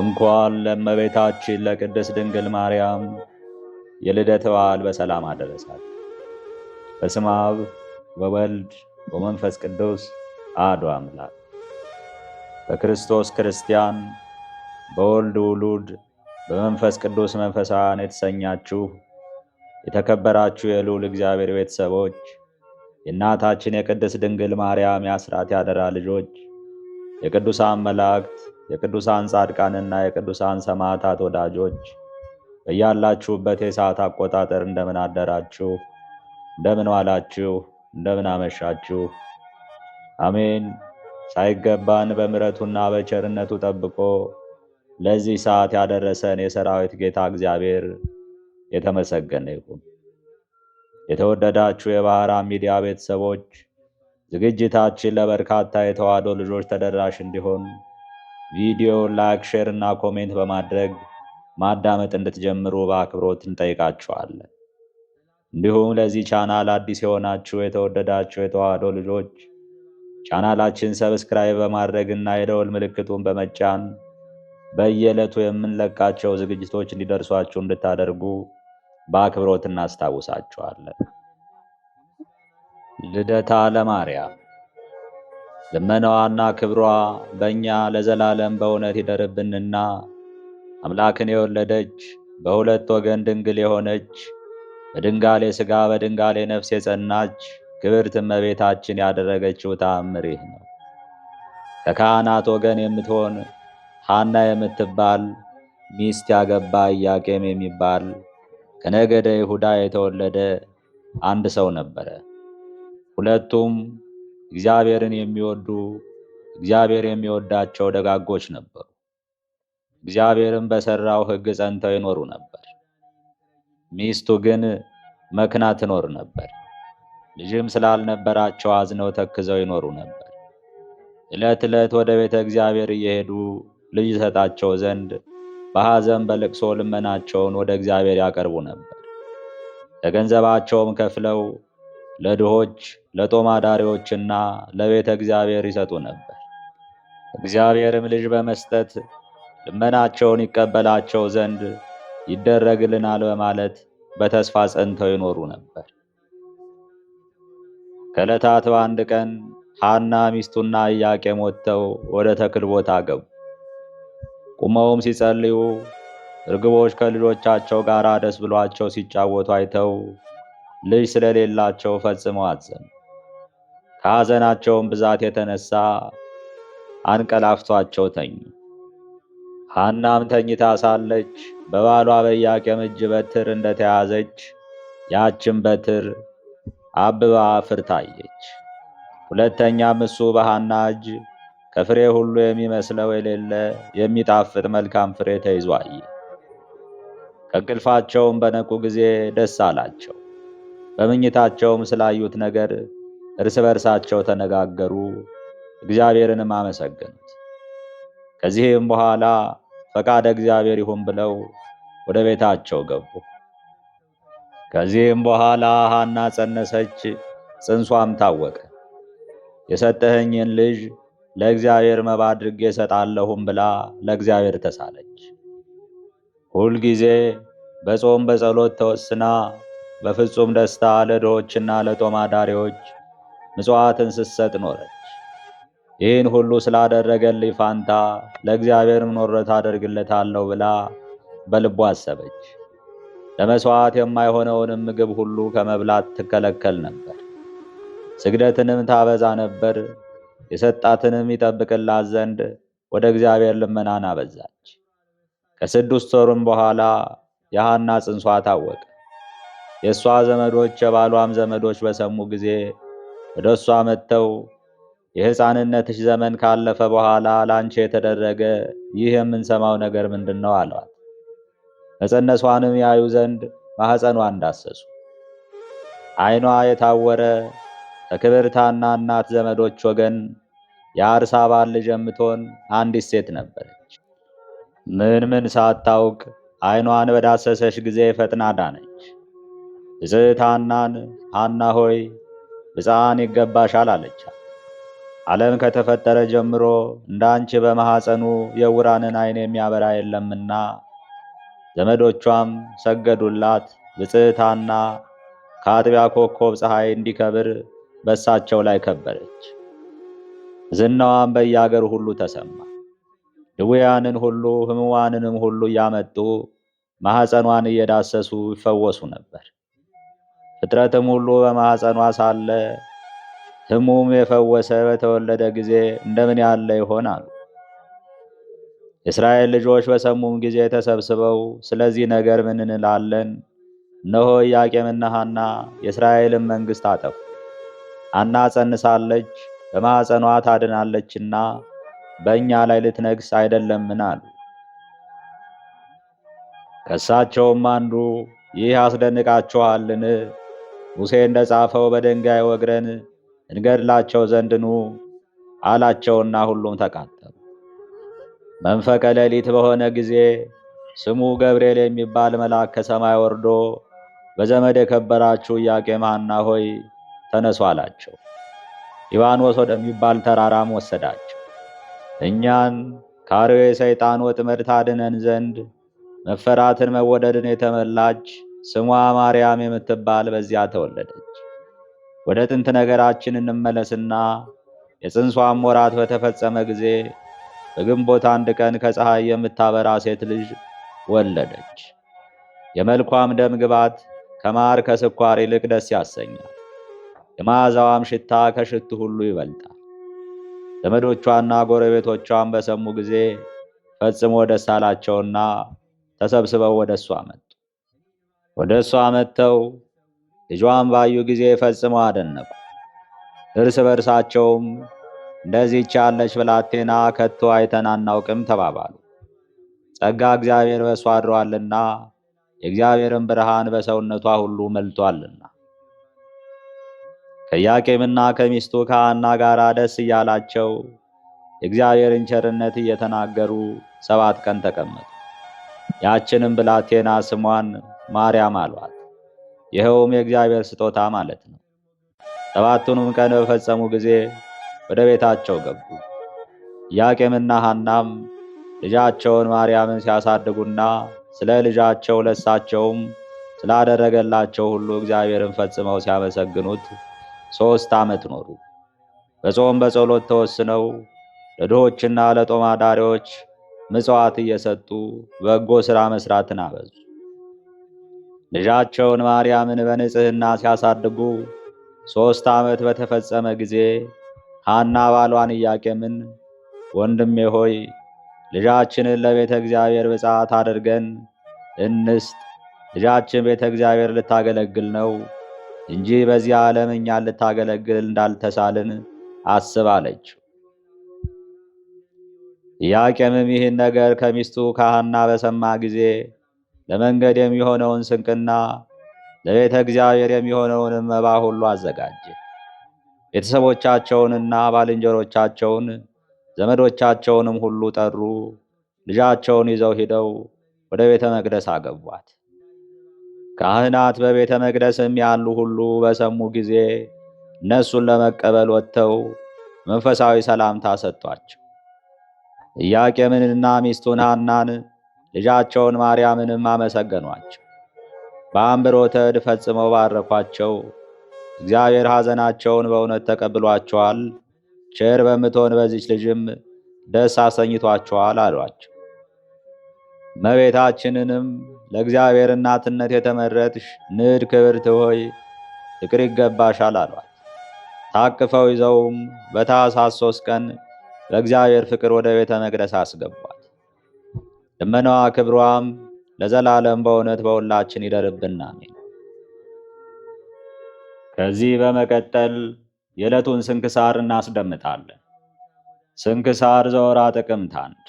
እንኳን ለእመቤታችን ለቅድስት ድንግል ማርያም የልደት በዓል በሰላም አደረሳል። በስመ አብ በመንፈስ ቅዱስ አሐዱ አምላክ። በክርስቶስ ክርስቲያን፣ በወልድ ውሉድ፣ በመንፈስ ቅዱስ መንፈሳውያን የተሰኛችሁ የተከበራችሁ የልዑል እግዚአብሔር ቤተሰቦች የእናታችን የቅድስት ድንግል ማርያም የአስራት ያደራ ልጆች የቅዱሳን መላእክት የቅዱሳን ጻድቃንና የቅዱሳን ሰማዕታት ወዳጆች በያላችሁበት የሰዓት አቆጣጠር እንደምን አደራችሁ፣ እንደምን ዋላችሁ፣ እንደምን አመሻችሁ። አሜን። ሳይገባን በምሕረቱና በቸርነቱ ጠብቆ ለዚህ ሰዓት ያደረሰን የሰራዊት ጌታ እግዚአብሔር የተመሰገነ ይሁን። የተወደዳችሁ የባህራ ሚዲያ ቤተሰቦች ዝግጅታችን ለበርካታ የተዋሕዶ ልጆች ተደራሽ እንዲሆን ቪዲዮ ላይክ፣ ሼር እና ኮሜንት በማድረግ ማዳመጥ እንድትጀምሩ በአክብሮት እንጠይቃችኋለን። እንዲሁም ለዚህ ቻናል አዲስ የሆናችሁ የተወደዳችሁ የተዋህዶ ልጆች ቻናላችን ሰብስክራይብ በማድረግ እና የደወል ምልክቱን በመጫን በየዕለቱ የምንለቃቸው ዝግጅቶች እንዲደርሷችሁ እንድታደርጉ በአክብሮት እናስታውሳችኋለን። ልደታ ለማርያም ልመናዋና ክብሯ በእኛ ለዘላለም በእውነት ይደርብንና አምላክን የወለደች በሁለት ወገን ድንግል የሆነች በድንጋሌ ሥጋ በድንጋሌ ነፍስ የጸናች ክብርት እመቤታችን ያደረገችው ተአምር ይህ ነው። ከካህናት ወገን የምትሆን ሐና የምትባል ሚስት ያገባ ኢያቄም የሚባል ከነገደ ይሁዳ የተወለደ አንድ ሰው ነበረ። ሁለቱም እግዚአብሔርን የሚወዱ እግዚአብሔር የሚወዳቸው ደጋጎች ነበሩ። እግዚአብሔርም በሠራው ሕግ ጸንተው ይኖሩ ነበር። ሚስቱ ግን መክና ትኖር ነበር። ልጅም ስላልነበራቸው አዝነው ተክዘው ይኖሩ ነበር። ዕለት ዕለት ወደ ቤተ እግዚአብሔር እየሄዱ ልጅ ይሰጣቸው ዘንድ በሐዘን በልቅሶ ልመናቸውን ወደ እግዚአብሔር ያቀርቡ ነበር። ለገንዘባቸውም ከፍለው ለድሆች ለጦም አዳሪዎችና ለቤተ እግዚአብሔር ይሰጡ ነበር። እግዚአብሔርም ልጅ በመስጠት ልመናቸውን ይቀበላቸው ዘንድ ይደረግልናል በማለት በተስፋ ጸንተው ይኖሩ ነበር። ከዕለታት በአንድ ቀን ሐና ሚስቱና ኢያቄም ወጥተው ወደ ተክል ቦታ ገቡ። ቁመውም ሲጸልዩ እርግቦች ከልጆቻቸው ጋር ደስ ብሏቸው ሲጫወቱ አይተው ልጅ ስለሌላቸው ፈጽመው አዘኑ። ከሐዘናቸውም ብዛት የተነሳ አንቀላፍቷቸው ተኙ። ሐናም ተኝታ ሳለች በባሏ በኢያቄም እጅ በትር እንደተያዘች ያችን በትር አብባ ፍር ታየች። ሁለተኛም እሱ በሐና እጅ ከፍሬ ሁሉ የሚመስለው የሌለ የሚጣፍጥ መልካም ፍሬ ተይዞ አየ። ከእንቅልፋቸውም በነቁ ጊዜ ደስ አላቸው። በምኝታቸውም ስላዩት ነገር እርስ በርሳቸው ተነጋገሩ፣ እግዚአብሔርንም አመሰገኑት። ከዚህም በኋላ ፈቃደ እግዚአብሔር ይሁን ብለው ወደ ቤታቸው ገቡ። ከዚህም በኋላ ሐና ጸነሰች፣ ጽንሷም ታወቀ። የሰጠኸኝን ልጅ ለእግዚአብሔር መባ አድርጌ እሰጣለሁም ብላ ለእግዚአብሔር ተሳለች። ሁልጊዜ በጾም በጸሎት ተወስና በፍጹም ደስታ ለድሆችና ለጦም አዳሪዎች ምጽዋትን ስትሰጥ ኖረች። ይህን ሁሉ ስላደረገልኝ ፋንታ ለእግዚአብሔር ምኖረት አደርግለታለሁ ብላ በልቦ አሰበች። ለመሥዋዕት የማይሆነውንም ምግብ ሁሉ ከመብላት ትከለከል ነበር። ስግደትንም ታበዛ ነበር። የሰጣትንም ይጠብቅላት ዘንድ ወደ እግዚአብሔር ልመናን አበዛች። ከስድስት ወሩም በኋላ የሐና ጽንሷ ታወቀ። የእሷ ዘመዶች የባሏም ዘመዶች በሰሙ ጊዜ ወደ እሷ መጥተው የሕፃንነትሽ ዘመን ካለፈ በኋላ ለአንቺ የተደረገ ይህ የምንሰማው ነገር ምንድን ነው? አለዋት። መፀነሷንም ያዩ ዘንድ ማኅፀኗ እንዳሰሱ ዓይኗ የታወረ ከክብርታና እናት ዘመዶች ወገን የአርሳ ባል ልጅ የምትሆን አንዲት ሴት ነበረች። ምን ምን ሳታውቅ ዓይኗን በዳሰሰች ጊዜ ፈጥና ዳነች። ብፅዕት ሐናን ሐና ሆይ ብፃን ይገባሻል አለቻት። ዓለም ከተፈጠረ ጀምሮ እንደ አንቺ በማኅፀኑ የዕውራንን ዐይን የሚያበራ የለምና ዘመዶቿም ሰገዱላት። ብፅዕት ሐና ከአጥቢያ ኮከብ ፀሐይ እንዲከብር በእሳቸው ላይ ከበረች። ዝናዋም በየአገሩ ሁሉ ተሰማ። ድውያንን ሁሉ ሕሙማንንም ሁሉ እያመጡ ማኅፀኗን እየዳሰሱ ይፈወሱ ነበር። ፍጥረትም ሁሉ በማኅፀኗ ሳለ ሕሙም የፈወሰ በተወለደ ጊዜ እንደምን ያለ አሉ። የእስራኤል ልጆች በሰሙም ጊዜ ተሰብስበው ስለዚህ ነገር ምን እንላለን? እነሆ ኢያቄምና ሐና የእስራኤልን መንግሥት አጠፉ። ሐና ጸንሳለች፣ በማኅፀኗ ታድናለችና በእኛ ላይ ልትነግሥ አይደለምን አሉ። ከእሳቸውም አንዱ ይህ አስደንቃችኋልን? ሙሴ እንደ ጻፈው በድንጋይ ወግረን እንገድላቸው ዘንድ ኑ አላቸውና ሁሉም ተቃጠሉ። መንፈቀ ሌሊት በሆነ ጊዜ ስሙ ገብርኤል የሚባል መልአክ ከሰማይ ወርዶ በዘመድ የከበራችሁ ኢያቄምና ሆይ ተነሱ አላቸው። ሊባኖስ ወደሚባል ተራራም ወሰዳቸው። እኛን ከአርዌ ሰይጣን ወጥመድ ታድነን ዘንድ መፈራትን መወደድን የተመላች ስሟ ማርያም የምትባል በዚያ ተወለደች። ወደ ጥንት ነገራችን እንመለስና የፅንሷም ወራት በተፈጸመ ጊዜ በግንቦት አንድ ቀን ከፀሐይ የምታበራ ሴት ልጅ ወለደች። የመልኳም ደም ግባት ከማር ከስኳር ይልቅ ደስ ያሰኛል። የመዓዛዋም ሽታ ከሽቱ ሁሉ ይበልጣል። ዘመዶቿና ጎረቤቶቿም በሰሙ ጊዜ ፈጽሞ ደስ አላቸውና ተሰብስበው ወደ እሷ መጡ። ወደ እሷ መጥተው ልጇን ባዩ ጊዜ ፈጽመው አደነቁ። እርስ በእርሳቸውም እንደዚህች ያለች ብላቴና ከቶ አይተን አናውቅም ተባባሉ። ጸጋ እግዚአብሔር በእሷ አድሯልና የእግዚአብሔርን ብርሃን በሰውነቷ ሁሉ መልቷልና። ከኢያቄምና ከሚስቱ ከሐና ጋር ደስ እያላቸው የእግዚአብሔርን ቸርነት እየተናገሩ ሰባት ቀን ተቀመጡ። ያችንም ብላቴና ስሟን ማርያም አሏት። ይኸውም የእግዚአብሔር ስጦታ ማለት ነው። ሰባቱንም ቀን በፈጸሙ ጊዜ ወደ ቤታቸው ገቡ። ኢያቄምና ሐናም ልጃቸውን ማርያምን ሲያሳድጉና ስለ ልጃቸው ለሳቸውም ስላደረገላቸው ሁሉ እግዚአብሔርን ፈጽመው ሲያመሰግኑት ሦስት ዓመት ኖሩ። በጾም በጸሎት ተወስነው ለድሆችና ለጦማዳሪዎች ምጽዋት እየሰጡ በጎ ሥራ መሥራትን አበዙ። ልጃቸውን ማርያምን በንጽህና ሲያሳድጉ ሦስት ዓመት በተፈጸመ ጊዜ ሐና ባሏን ኢያቄምን ወንድሜ ሆይ ልጃችንን ለቤተ እግዚአብሔር ብጻት አድርገን እንስጥ፣ ልጃችን ቤተ እግዚአብሔር ልታገለግል ነው እንጂ በዚህ ዓለም እኛን ልታገለግል እንዳልተሳልን አስብ አለችው። ኢያቄምም ይህን ነገር ከሚስቱ ከሐና በሰማ ጊዜ ለመንገድ የሚሆነውን ስንቅና ለቤተ እግዚአብሔር የሚሆነውን መባ ሁሉ አዘጋጀ። ቤተሰቦቻቸውንና ባልንጀሮቻቸውን ዘመዶቻቸውንም ሁሉ ጠሩ። ልጃቸውን ይዘው ሂደው ወደ ቤተ መቅደስ አገቧት። ካህናት በቤተ መቅደስም ያሉ ሁሉ በሰሙ ጊዜ እነሱን ለመቀበል ወጥተው መንፈሳዊ ሰላምታ ሰጥቷቸው ኢያቄምንና ሚስቱን ሐናን ልጃቸውን ማርያምንም አመሰገኗቸው። በአንብሮተድ ፈጽመው ባረኳቸው። እግዚአብሔር ሐዘናቸውን በእውነት ተቀብሏቸዋል፣ ቸር በምትሆን በዚች ልጅም ደስ አሰኝቷቸዋል አሏቸው። መቤታችንንም ለእግዚአብሔር እናትነት የተመረጥሽ ንድ ክብርት ሆይ ፍቅር ይገባሻል አሏት። ታቅፈው ይዘውም በታኅሳስ ሦስት ቀን በእግዚአብሔር ፍቅር ወደ ቤተ መቅደስ አስገቧል። ልመናዋ ክብሯም ለዘላለም በእውነት በሁላችን ይደርብና አሜን። ከዚህ በመቀጠል የዕለቱን ስንክሳር እናስደምጣለን። ስንክሳር ዘወራ ጥቅምት አንድ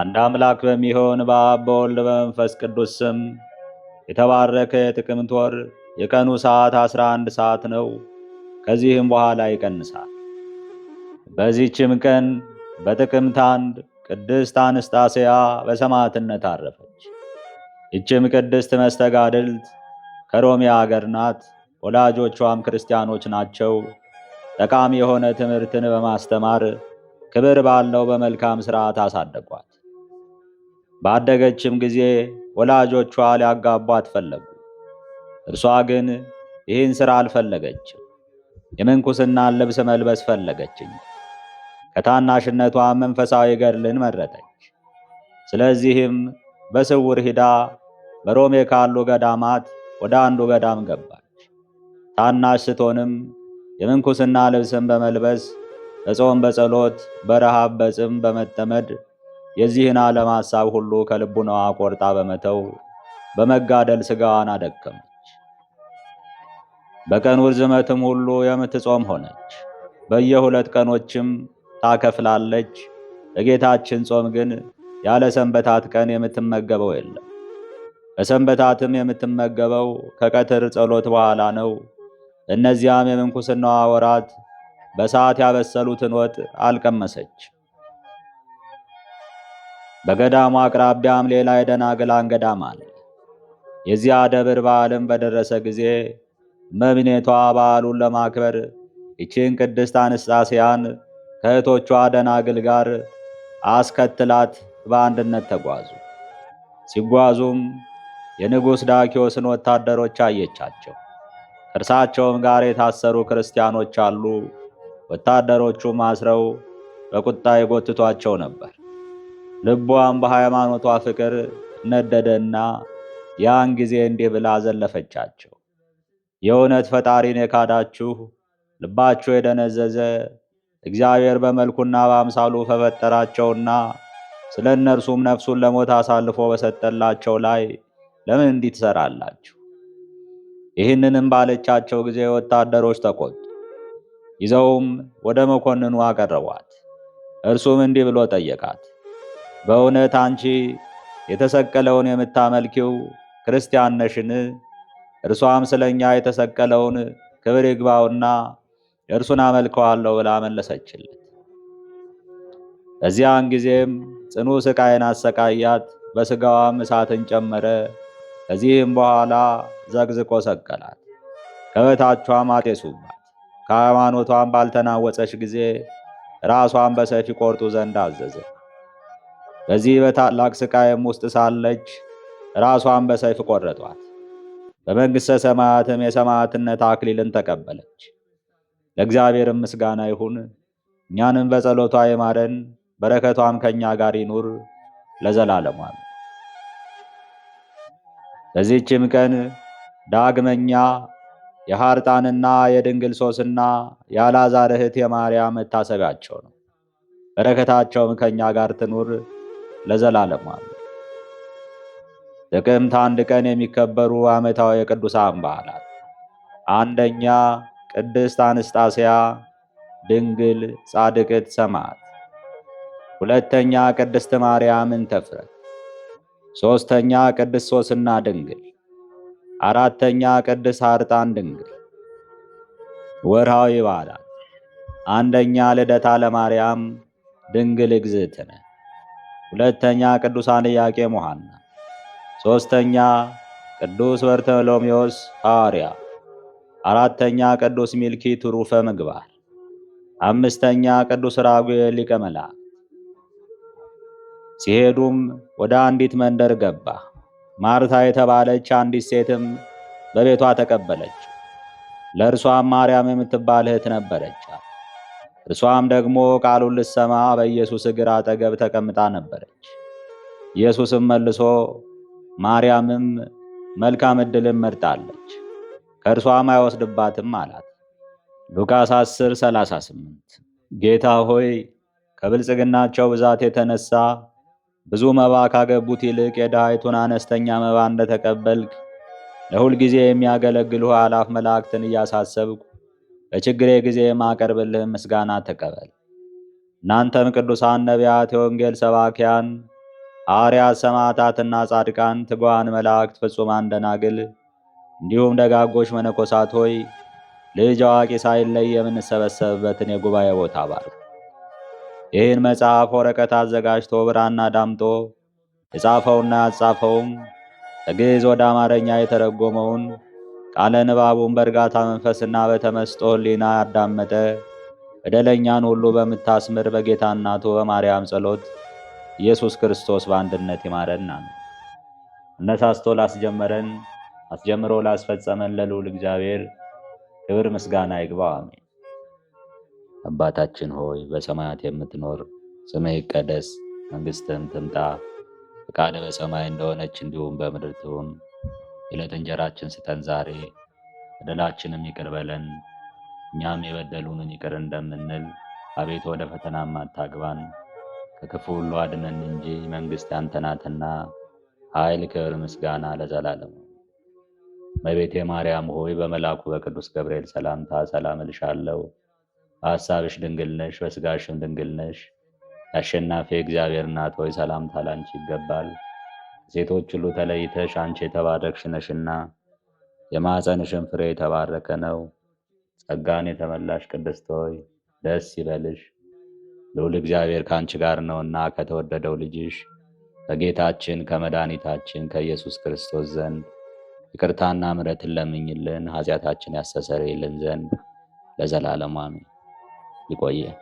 አንድ አምላክ በሚሆን በአብ በወልድ በመንፈስ ቅዱስ ስም የተባረከ የጥቅምት ወር የቀኑ ሰዓት 11 ሰዓት ነው። ከዚህም በኋላ ይቀንሳል። በዚህችም ቀን በጥቅምት አንድ ቅድስት አንስታሴያ በሰማዕትነት አረፈች። ይችም ቅድስት መስተጋድልት ከሮሚያ አገር ናት። ወላጆቿም ክርስቲያኖች ናቸው። ጠቃሚ የሆነ ትምህርትን በማስተማር ክብር ባለው በመልካም ሥርዓት አሳደጓት። ባደገችም ጊዜ ወላጆቿ ሊያጋቧት ፈለጉ። እርሷ ግን ይህን ሥራ አልፈለገችም። የምንኩስናን ልብስ መልበስ ፈለገችኝ። ከታናሽነቷ መንፈሳዊ ገድልን መረጠች። ስለዚህም በስውር ሂዳ በሮሜ ካሉ ገዳማት ወደ አንዱ ገዳም ገባች። ታናሽ ስትሆንም የምንኩስና ልብስን በመልበስ በጾም በጸሎት በረሃብ በጽም በመጠመድ የዚህን ዓለም ሐሳብ ሁሉ ከልቡናዋ ቆርጣ በመተው በመጋደል ሥጋዋን አደከመች። በቀን ውርዝመትም ሁሉ የምትጾም ሆነች። በየሁለት ቀኖችም ታከፍላለች። በጌታችን ጾም ግን ያለ ሰንበታት ቀን የምትመገበው የለም። በሰንበታትም የምትመገበው ከቀትር ጸሎት በኋላ ነው። እነዚያም የምንኩስናዋ ወራት በሰዓት ያበሰሉትን ወጥ አልቀመሰች። በገዳሙ አቅራቢያም ሌላ የደናግላን ገዳም አለ። የዚያ ደብር በዓልም በደረሰ ጊዜ መምኔቷ በዓሉን ለማክበር ይችን ቅድስት አንስጣስያን ከእህቶቿ ደናግል ጋር አስከትላት በአንድነት ተጓዙ። ሲጓዙም የንጉሥ ዳኪዎስን ወታደሮች አየቻቸው። ከእርሳቸውም ጋር የታሰሩ ክርስቲያኖች አሉ። ወታደሮቹም አስረው በቁጣ የጎትቷቸው ነበር። ልቧም በሃይማኖቷ ፍቅር ነደደና ያን ጊዜ እንዲህ ብላ ዘለፈቻቸው። የእውነት ፈጣሪን የካዳችሁ ልባችሁ የደነዘዘ እግዚአብሔር በመልኩና በአምሳሉ ፈፈጠራቸውና ስለ እነርሱም ነፍሱን ለሞት አሳልፎ በሰጠላቸው ላይ ለምን እንዲህ ትሰራላችሁ? ይህንንም ባለቻቸው ጊዜ ወታደሮች ተቆጡ። ይዘውም ወደ መኮንኑ አቀረቧት። እርሱም እንዲህ ብሎ ጠየቃት። በእውነት አንቺ የተሰቀለውን የምታመልኪው ክርስቲያን ነሽን? እርሷም ስለ እኛ የተሰቀለውን ክብር ይግባውና እርሱን አመልከዋለሁ ብላ መለሰችለት። በዚያን ጊዜም ጽኑ ስቃይን አሰቃያት፣ በስጋዋም እሳትን ጨመረ። ከዚህም በኋላ ዘግዝቆ ሰቀላት፣ ከበታቿም አጤሱባት። ከሃይማኖቷም ባልተናወፀች ጊዜ ራሷን በሰፊ ቆርጡ ዘንድ አዘዘ። በዚህ በታላቅ ስቃይም ውስጥ ሳለች ራሷን በሰይፍ ቆረጧት። በመንግሥተ ሰማያትም የሰማዕትነት አክሊልን ተቀበለች። ለእግዚአብሔር ምስጋና ይሁን። እኛንም በጸሎቷ ይማረን፣ በረከቷም ከእኛ ጋር ይኑር ለዘላለሟል። በዚህችም ቀን ዳግመኛ የሐርጣንና የድንግል ሶስና የአልዓዛር እህት የማርያም መታሰቢያቸው ነው። በረከታቸውም ከእኛ ጋር ትኑር ለዘላለሟል። ጥቅምት አንድ ቀን የሚከበሩ ዓመታዊ የቅዱሳን በዓላት አንደኛ ቅድስት አንስጣስያ ድንግል ጻድቅት ሰማዕት። ሁለተኛ ቅድስት ማርያም እንተፍረት። ሦስተኛ ቅድስት ሶስና ድንግል። አራተኛ ቅድስት አርጣን ድንግል። ወርሃዊ በዓላት አንደኛ ልደታ ለማርያም ድንግል እግዝእትነ፣ ሁለተኛ ቅዱሳን ኢያቄም ወሐና፣ ሦስተኛ ቅዱስ በርተሎሜዎስ ሐዋርያ አራተኛ ቅዱስ ሚልኪ ትሩፈ ምግባር፣ አምስተኛ ቅዱስ ራጉኤል ሊቀ መላእክት። ሲሄዱም ወደ አንዲት መንደር ገባ። ማርታ የተባለች አንዲት ሴትም በቤቷ ተቀበለች። ለእርሷም ማርያም የምትባል እህት ነበረች። እርሷም ደግሞ ቃሉን ልትሰማ በኢየሱስ እግር አጠገብ ተቀምጣ ነበረች። ኢየሱስም መልሶ ማርያምም መልካም ዕድልን መርጣለች ከእርሷም አይወስድባትም አላት። ሉቃስ 10 38 ጌታ ሆይ ከብልጽግናቸው ብዛት የተነሳ ብዙ መባ ካገቡት ይልቅ የድሃይቱን አነስተኛ መባ እንደተቀበልክ ለሁልጊዜ የሚያገለግሉህ አላፍ መላእክትን እያሳሰብኩ በችግሬ ጊዜ ማቀርብልህ ምስጋና ተቀበል። እናንተም ቅዱሳን ነቢያት፣ የወንጌል ሰባኪያን ሐዋርያት፣ ሰማዕታትና ጻድቃን፣ ትጓን መላእክት፣ ፍጹማን ደናግል እንዲሁም ደጋጎች መነኮሳት ሆይ ልጅ አዋቂ ሳይለይ የምንሰበሰብበትን የጉባኤ ቦታ ባርኩ። ይህን መጽሐፍ ወረቀት አዘጋጅቶ ብራና ዳምጦ የጻፈውና ያጻፈውም ከግዕዝ ወደ አማርኛ የተረጎመውን ቃለ ንባቡን በእርጋታ መንፈስና በተመስጦ ሕሊና ያዳመጠ በደለኛን ሁሉ በምታስምር በጌታ እናቱ በማርያም ጸሎት ኢየሱስ ክርስቶስ በአንድነት ይማረን። አነሳስቶ ላስጀመረን አስጀምሮ ላስፈጸመን ለልዑል እግዚአብሔር ክብር ምስጋና ይግባው፣ አሜን። አባታችን ሆይ በሰማያት የምትኖር ስምህ ይቀደስ፣ መንግሥትህም ትምጣ፣ ፈቃድህ በሰማይ እንደሆነች እንዲሁም በምድር ትሁን። የዕለት እንጀራችን ስጠን ዛሬ፣ በደላችንም ይቅር በለን እኛም የበደሉንን ይቅር እንደምንል አቤት ወደ ፈተናም አታግባን፣ ከክፉ ሁሉ አድነን እንጂ መንግስት ያንተ ናትና፣ ኃይል፣ ክብር፣ ምስጋና ለዘላለሙ መቤቴ ማርያም ሆይ በመልአኩ በቅዱስ ገብርኤል ሰላምታ ሰላም እልሻለሁ። በሐሳብሽ ድንግል ነሽ፣ በስጋሽም ድንግል ነሽ። የአሸናፊ እግዚአብሔር እናት ሆይ ሰላምታ ላንቺ ይገባል። ሴቶች ሁሉ ተለይተሽ አንቺ የተባረክሽ ነሽና የማኅፀንሽን ፍሬ የተባረከ ነው። ጸጋን የተመላሽ ቅድስት ሆይ ደስ ይበልሽ፣ ልዑል እግዚአብሔር ከአንቺ ጋር ነውና ከተወደደው ልጅሽ ከጌታችን ከመድኃኒታችን ከኢየሱስ ክርስቶስ ዘንድ ይቅርታና ምሕረትን ለምኝልን ኃጢአታችን ያስተሰርይልን ዘንድ ለዘላለሙ አሜን።